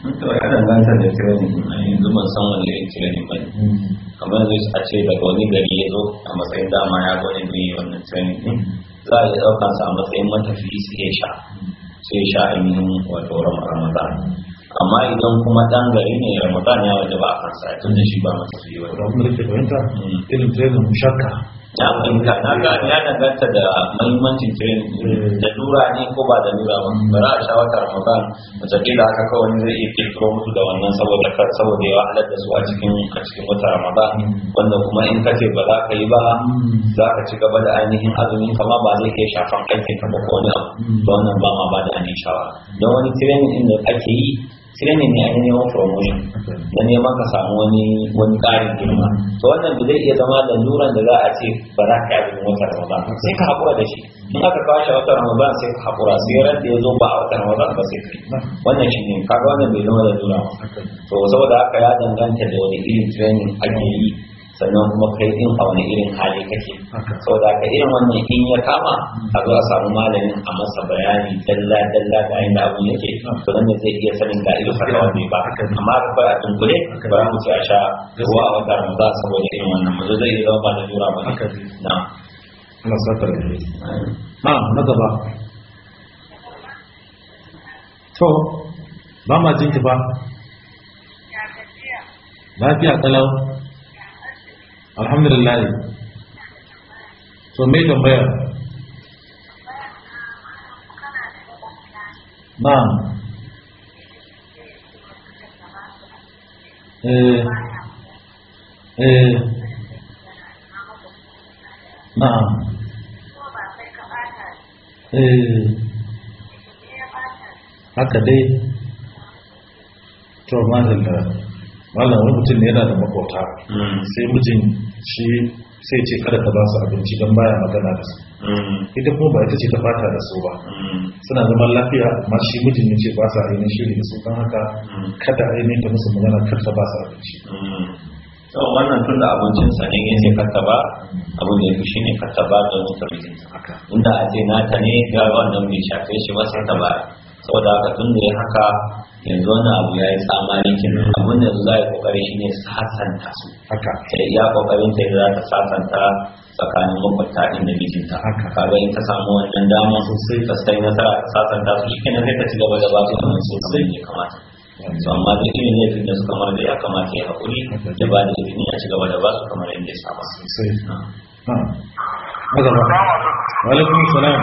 mutuwa yana gata da training yanzu ban san da irin training ba ne kamar zai a ce daga wani gari ya zo a matsayin dama ya da ne wannan training za a ɗauka su a matsayin matafiyi sai ya sha sai sha ainihin wato ramadan amma idan kuma dan gari ne ramadan ya waje ba a kansa tun da shi ba matafiyi ba. Ramadan da fahimta hmm. irin ta mushakka ya fahimta na ga ya danganta da mahimmancin training mm. da lura ne ko ba da lura ba bara a sha shawatar ramadan wataƙila haka kawai zai iya kirkiro musu da wannan saboda kar saboda ya halar da su a cikin a cikin wata ramadan mm. wanda kuma in ka ce ba za ka yi ba mm. za ka ci gaba da ainihin azumin kama ba zai iya shafan aikin ka ba ko wani abu to wannan ba ma ba da ainihin shawara don wani training in da ake yi training ne a neman promotion da neman ka samu wani wani ƙarin girma to wannan ba zai iya zama da nuran da za a ce ba za ka yi wata ramadan sai ka haƙura da shi in aka kwashe wata ramadan sai ka haƙura sai ran da ya zo ba a wata ramadan ba sai kai wannan shi ne kaga wannan bai zama da nura to saboda haka ya danganta da wani irin training ake yi sannan kuma kai din a wani irin hali kake saboda ka irin wannan in ya kama a zo a samu malamin a masa bayani dalla dalla ga inda abun yake to nan ne zai iya sanin da irin fatawa ne ba amma da kawai tun dunkule ba mu ci a sha ruwa a wata ramadan saboda irin wannan mu zai zama ba da jura ba na Allah sa ma na gaba to ba ma jinki ba lafiya kalau alhamdulillah to me tambaya na'am eh eh na'am eh haka dai to madalla wannan wani mutum ne yana da makwauta hmm. sai mijin shi sai ce kada ka ba su abinci don baya magana da su hmm. ita kuma ba ita ce ta fata da su ba hmm. suna zaman lafiya amma shi mijin ya ce ba su ainihin shiri da su kan haka kada ainihin ta musu magana kar ta ba su abinci sau wannan tun da abincin sa ne ce karta ba abin da yake ne karta ba da mutum inda a ce nata ne ba wannan mai shafe shi ba sai ta ba saboda haka tun da ya haka yanzu wannan abu ya yi tsamani kenan abin da za a yi kokari shi ne sasanta su ta ya kokarin ta za ta sasanta tsakanin makwabta din da mijinta haka kaga in ta samu wannan su sosai ta sai nasara ta sasanta su shi kenan sai ta ci gaba da ba su wannan sosai ne kamata to amma duk irin laifin da suka kamar da ya kamata ya haƙuri da ba da izini ya ci gaba da ba su kamar yadda ya saba sosai Wa alaikum salam.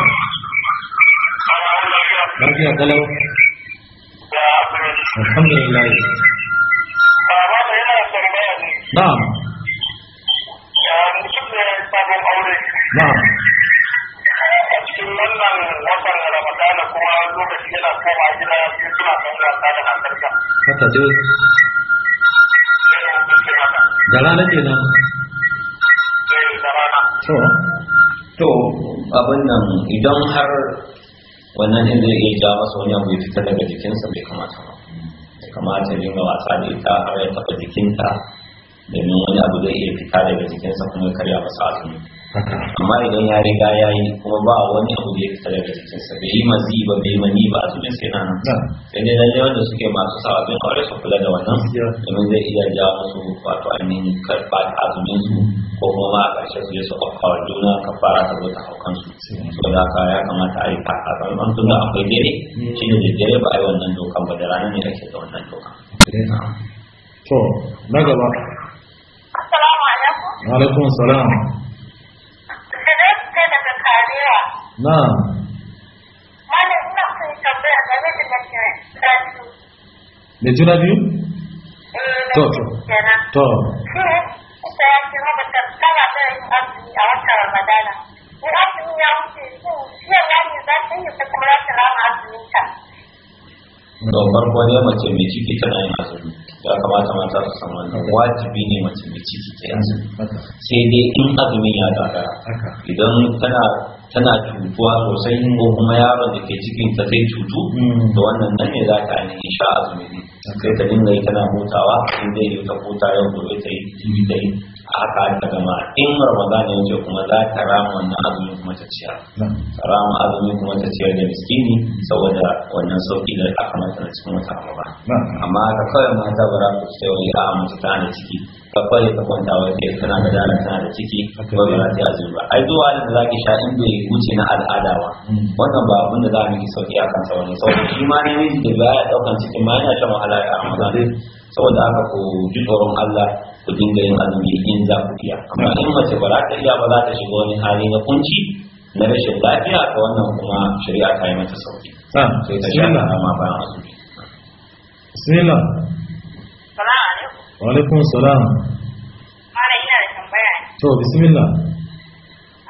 Barkiya kalau alhamdulillah na'am Ba. a cikin wannan watan ramadana kuma lokaci yana koma gida biyu suna dai da nan to to abin nan idan har wannan inda ya ja masa wani abu ya fita daga jikinsa bai kamata ba kamata dinga wasa da ita har ya taɓa jikinta domin wani abu zai iya fita daga jikinsa kuma ya karya masa azumi amma idan ya riga ya yi kuma ba wani abu da ya fita daga cikin sa bai yi mazi ba bai mani ba a zuwa sai nan sai dai lalle wanda suke masu sa abin aure su kula da wannan domin zai iya jawo musu wato ainihin karfa da azumin su ko kuma ma a ƙarshe su je su kwakwa juna kafara ta zo ta hau kansu so da haka ya kamata a yi kaka ban tun da akwai dare hmm. shi da dare ba a yi wannan dokan ba da ranar ne ake da wannan dokan. to na gaba. Assalamu alaikum. alaikum salam. Na'am. Malam ina son tambaya game da eh, juna biyu. Da juna Toto? To, ta a watan Ramadana. In azumi ya yi ta kuma za ta farko ne mace mai ciki tana yin azumi. ya kamata mata su san wannan wajibi ne mace mai ciki ta yanzu sai dai in azumin ya dada idan tana tana cutuwa sosai in kuma yaron da ke cikin ta sai cutu da hmm. wannan nan ne za ta ainihin sha azumi ne sai ta dinga yi tana hutawa in zai yi ta huta yau gobe ta yi da yi haka ta gama in ramadan ya wuce kuma za ta rama wannan azumi kuma ta ciyar ta rama azumi kuma ta ciyar da miskini saboda wannan sauki da aka mata na cikin wata ramadan amma ta kawai mata ba za ku ce wani a mutu ta da ciki ka kawai ka kwanta wai kai kana da dana tana da ciki kawai ba za ta azumi ba ai zuwa da za ki sha in ya wuce na al'ada ba mm. wannan ba abin da za a miki sauki a kansa wani saboda shi ma ya da baya daukan cikin ma yana shan wahala a ramadan saboda haka ku ji tsoron Allah ku dinga yin azumi in za ku iya amma in mace ba za ta iya ba za ta shiga wani hali na kunci na rashin lafiya ta wannan kuma shari'a ta yi mata sauki sai ta sha ma bayan azumi bismillah salamu alaikum wa alaikum salam mala ina da tambaya ne to bismillah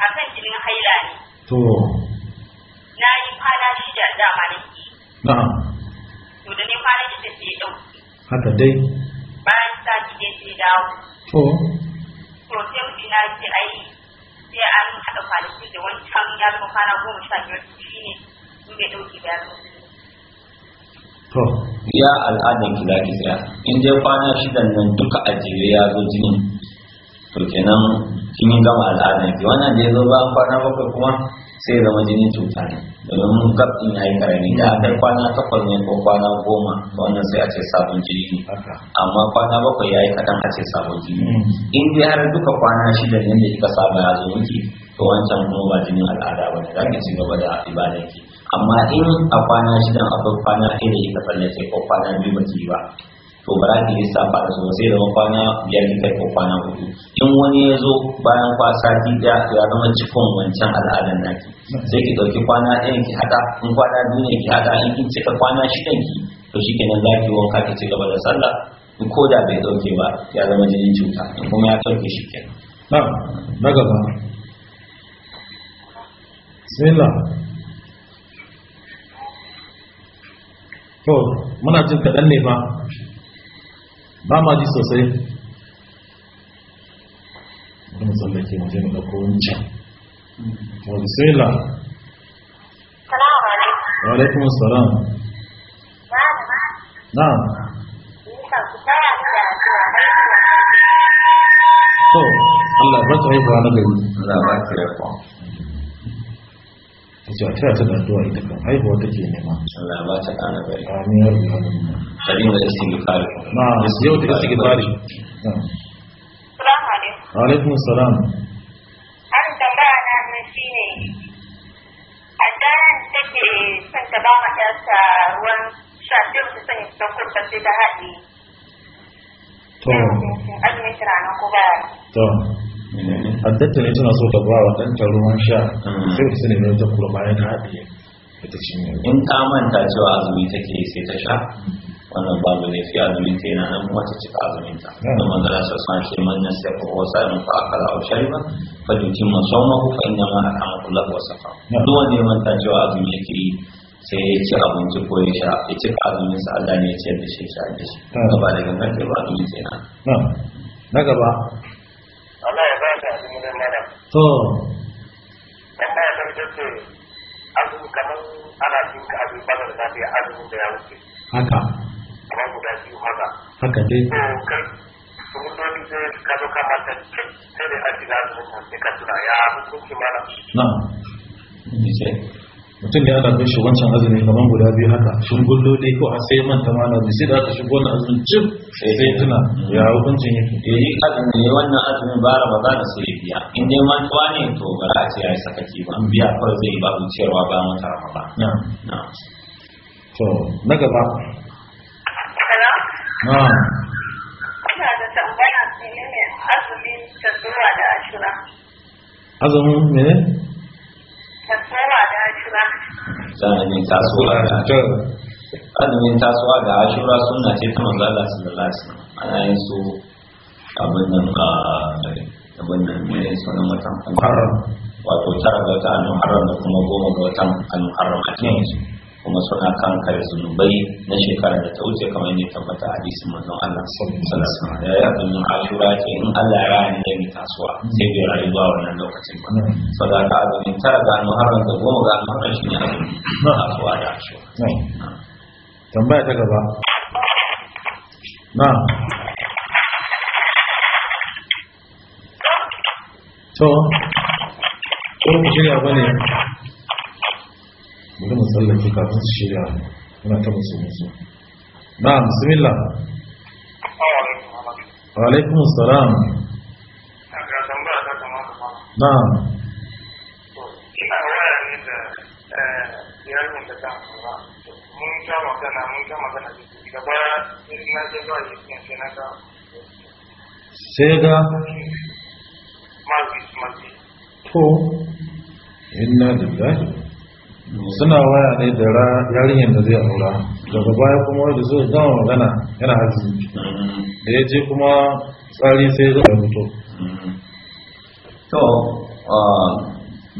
akan jinin haila ne to na yi kwana shida da maliki na'am to da ne kwana shida sai ya dauki haka dai bayan ta dawo to to sai mutum ya ce ai sai da ya kwana shi ne da ya nan duka a ya zo to kenan kin gama al'adan ki wannan da ya zo ba kwana bakwai kuma sai zama jinin cuta ne domin gabin ya yi karami da a kwana takwas ne ko kwana goma wannan sai a ce sabon jini ne amma kwana bakwai ya yi kaɗan a ce sabon jini mm. in dai har duka kwana shida ne da kika saba ya zo miki to wancan kuma ba jinin al'ada ba ne za ki ci gaba da ibadanki amma in a kwana shidan akwai kwana ɗaya da kika tsallace ko kwana biyu ba ki ba to ba za ki lissafa da zuwa sai zama kwana biyar ki kai ko kwana hudu in wani ya zo bayan kwa sati ɗaya to ya zama cikon wancan al'adar naki sai ki ɗauki kwana ɗayan ki haɗa in kwana biyu ki haɗa in kin cika kwana shidan ki to shi kenan za ki wanka ki ci gaba da sallah ko da bai dauke ba ya zama jinin cuta in kuma ya ɗauke shi kenan. na gaba. Bismillah. To, muna jin kaɗan ne ba. ba ma ji sosai wani tsallake waje na ɗauko wancan wani sai la wa alaikun salam na to Allah ba ta haifuwa na gari Allah ba ta haifuwa ta ce a ta da kan haifuwa take nema Allah ba خلينا الخارج نعم زيوت الخارج نعم. السلام عليكم وعليكم السلام أنت معنا مسيني أنا أقول لك باما ياسا وان شادر تسني تقول تسيدة هادي Haddata ne tana so ta ba wa ɗanta ruwan sha sai ku sani ta kula bayan haɗiye ita shi wannan babu ne fi azumi ta yana nan kuma ta cika azumin ta hmm. don manzara sa san shi man sai ko wasa ne fa akala au shariba fa dukin man sauma ko inna ma akamakullahu wa safa hmm. duk wanda ya manta cewa azumi yake yi sai ya ci abinci ko ya sha ya cika azumin sa Allah ne ya ciyar da shi ya sha da shi hmm. ba da gangan ke ba ta yana na gaba Allah ya ba da azumi da mana to Allah ya tabbace azumi kamar ana cin azumi ba da azumin da ya wuce haka kuma guda biyu maza haka dai to eh, kar sunnoni sai ka zo kamata sai da haji da azumin sai ka tuna ya hukunci mana ni sai mutum da shi wancan guda biyu haka sun ne ko a sai manta mana sai da ta shigo wannan azumin cif sai tuna ya hukuncin yake yi azumin ne wannan azumin ba ra ba za ta sai biya in dai mantuwa ne to ba za a ce ai sakaci ba an biya kawai zai ba ciyarwa ba mata ramadan na'am to na gaba Ina da azumin tattura da ashura. da ashura. Zanamin tasowa da ashura. Azumin tasowa da ashura suna ce ta manzo Allah da alaihi Ana yin su abin nan a abin nan ne sunan watan Muharram. Wato tara ga watan Muharram da kuma goma ga watan Muharram a cikin su. kuma suna kankare zunubai na shekarar da ta wuce kamar yadda tabbata a hadisin manzon Allah sallallahu alaihi wasallam ya yi abin ashura ce in Allah ya rani da mai tasuwa sai bai rayuwa wannan lokacin ba sadaka azumin tara ga muharram da goma ga shi ne azumin tasuwa da ashura tambaya ta gaba na to ko ku shirya bane Bunu musallaki kalkınız şiria. Şey Buna tam usulünsün. Naam, bismillah. Aleyküm selam. Naam. mun sha magana mun sha magana da suna waya ne da yarinyar da zai aura daga baya kuma wanda zai gama magana yana haji da ya je kuma tsari sai zai mutu. to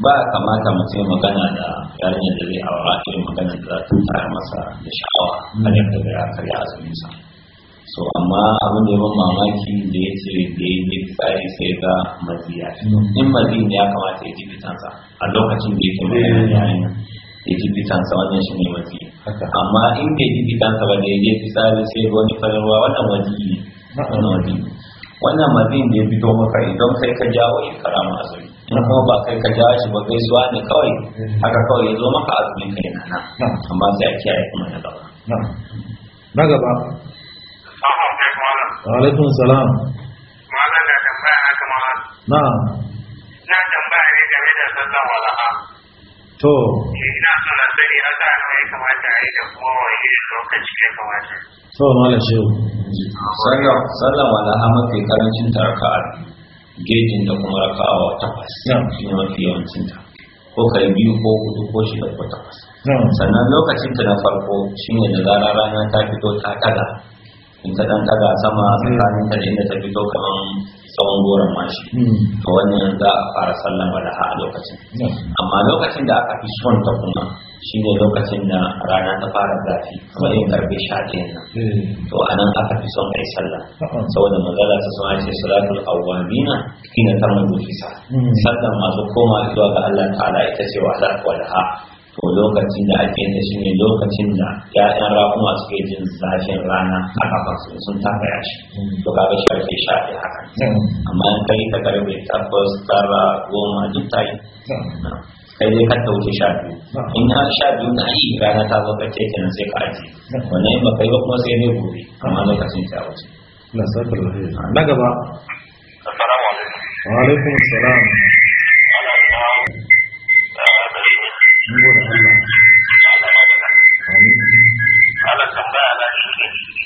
ba kamata mutum magana da yarinyar da zai aura ke magana da za ta tara masa da sha'awa a yadda da ya karya azumin sa so amma abin da ya mamaki da ya ce da ya yi tsari sai ga maziya in maziyin ya kamata ya ji fitansa a lokacin da yake mai yayin eh. ya ji fitansa wannan shi ne maziya amma in ka ji fitansa ba da ya yi fitsari sai ga wani farawa wannan mazi wannan mazi wannan mazin da ya fito maka idan kai ka jawo ikara ma azumi in kuma ba kai ka jawo shi ba gaisuwa ne kawai eh. haka kawai ya zo maka azumin kai na nan amma sai a kiyaye kuma na gaba na gaba alaikum salam malam na tambaya haka malam na na tambaya ne game da sallan wala'a to ina son na sani a da ya kamata a yi da kuma wani lokaci ya kamata to malam shehu sallan sallan wala'a mafi karancin ta raka'a gejin da kuma raka'a takwas shi ne mafi yawancinta, ko kai biyu ko hudu ko shida ko takwas sannan lokacinta na farko shine da zarar rana ta fito ta kada in ta dan daga sama tsakanin ta inda ta fito kaman tsawon goron mashi to wannan za a fara sallama da a lokacin amma lokacin da aka fi son ta kuma ne lokacin da rana ta fara zafi kuma yin karfe sha ɗayan nan to a nan aka fi son kai sallah saboda manzala ta suna ce salatul awwamina kina ta mun sa sallan masu koma zuwa ga Allah ta'ala ita ce wa da ha. ko lokacin da ake ta shi ne lokacin da ya'yan rakuma suke jin zafin rana a kafansu sun taka yashi to kaga shi ake shafe haka amma in kai ta karbe tabbas tara goma duk ta yi kai zai ka wuce sha biyu in ya sha biyu na yi rana ta zo ka kenan sai ka ajiye wannan in ba ba kuma sai ne gobe amma lokacin ta wuce na na gaba assalamu alaikum wa alaikum assalam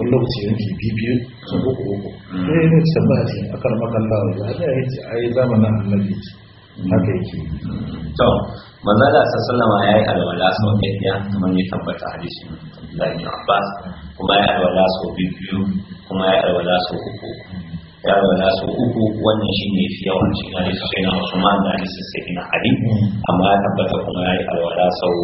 wani lokaci yanki bibiyu su uku uku mm. eh, sai ne ci ba ce a kan makalla wanda a ya ce a yi zamanin annabi mm. haka yake to manzala sallama ya yi alwala sau ɗaya kamar ya tabbata hadisin Abdullahi Abbas kuma ya alwala sau bibiyu kuma ya alwala sau uku ya alwala sau uku wannan shi ne fi yawan cikin hadisin sai na Usman da hadisin sai na Ali mm. amma ya tabbata kuma ya yi alwala sau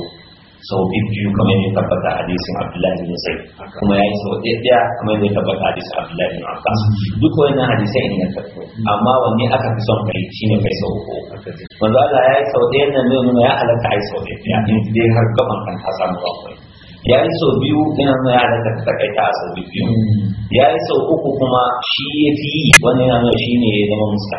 sau biyu kamar yadda tabbata hadisin Abdullahi bin Sa'id kuma yayi sau ɗaya kamar yadda tabbata hadisin Abdullahi bin Abbas mm-hmm. duk wannan hadisai ne na tabbata amma wanne aka fi son kai shine kai sau uku wanda Allah yayi sau ɗaya nan ne ya halatta ai sau ɗaya in dai har gaban kan ta samu bakwai ya yi sau biyu yana nuna ya daga ta takaita a sau biyu mm-hmm. ya yi sau uku kuma shi ya fi yi wani yana nuna shi ne ya zama musta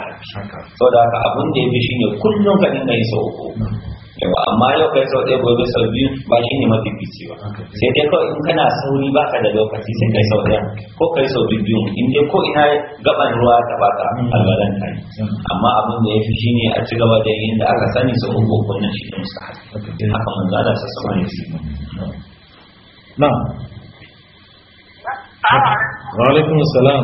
sau da haka abin da ya fi shi ne kullum ka dinga yi sau uku mm-hmm. yawa amma yau kai sau ɗaya gobe sau biyu ba shi ne mafi fice ba sai dai kawai in kana sauri ba ka da lokaci sai kai sau ɗaya ko kai sau biyu in dai ko ina gaban ruwa ta ka hmm. albalan ta yi hmm. amma abin da ya fi shi ne a ci gaba da yin da aka sani su uku ko shi ne musa haka mun zana sa sama ne su na wa alaikum salam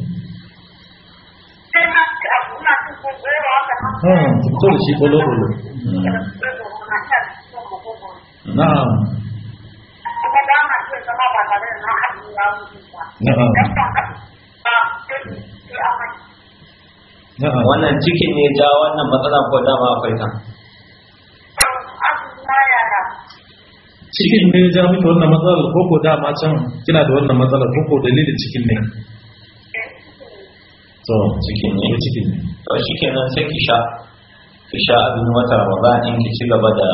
Betul Wannan cikin ne ja wannan matsala ko dama akwai ta. Cikin ne ja miki wannan matsalar ko ko dama can kina da wannan matsalar ko ko dalilin cikin ne. so cikin ne cikin to shikenan sai ki sha ki sha abin wata ramadan in ki ci gaba da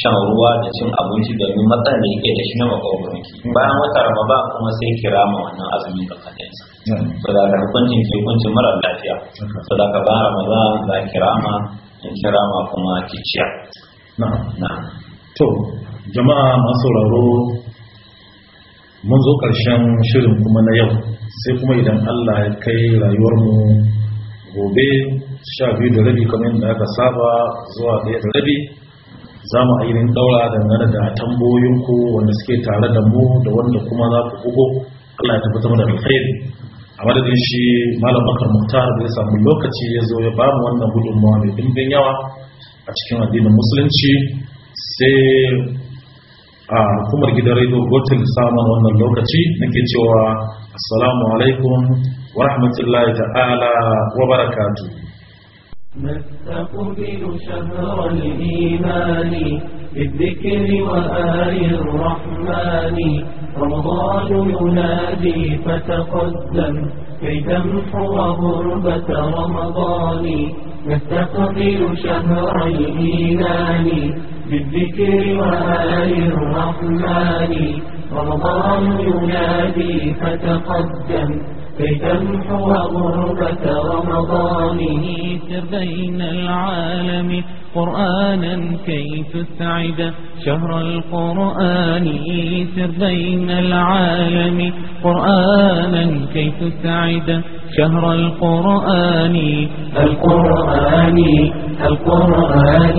shan ruwa da cin abinci domin matsalar da yake da shi na makogwaro ki bayan wata ramadan kuma sai ki rama wannan azumi ga kadansa hmm. so da ka hukuncin ki hukuncin mara lafiya hmm. so da ka ba ramadan za ki rama in ki rama kuma ki ciya na. to jama'a masu sauraro mun zo ƙarshen shirin kuma na yau sai kuma idan Allah ya kai rayuwarmu gobe sha biyu da rabi kamar yadda aka saba zuwa ɗaya da rabi za mu ainihin ɗaura dangane da tambayoyinku wanda suke tare da mu da wanda kuma za ku bugo Allah ya tabbata mana da alkhairi a madadin shi malam bakar muhtar da ya samu lokaci ya zo ya ba mu wannan gudunmawa mai dimbin yawa a cikin addinin musulunci sai a hukumar gidan rediyo gotin samun wannan lokaci nake cewa السلام عليكم ورحمة الله تعالى وبركاته نستقبل شهر الإيمان بالذكر وآل الرحمن رمضان ينادي فتقدم كي تمحو غربة رمضان نستقبل شهر الإيمان بالذكر وآل الرحمن رمضان ينادي فتقدم كي تمحو غربة رمضانه سر بين العالم قرآنا كي تسعد شهر القرآن سر بين العالم قرآنا كي تسعد شهر القرآن القرآن القرآن, القرآن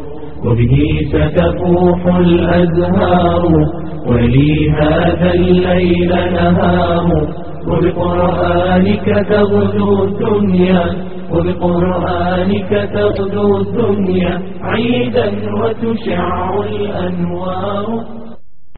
وبه ستفوح الأزهار ولي هذا الليل نهار وبقرآنك تغدو الدنيا وبقرآنك تغدو الدنيا عيدا وتشع الأنوار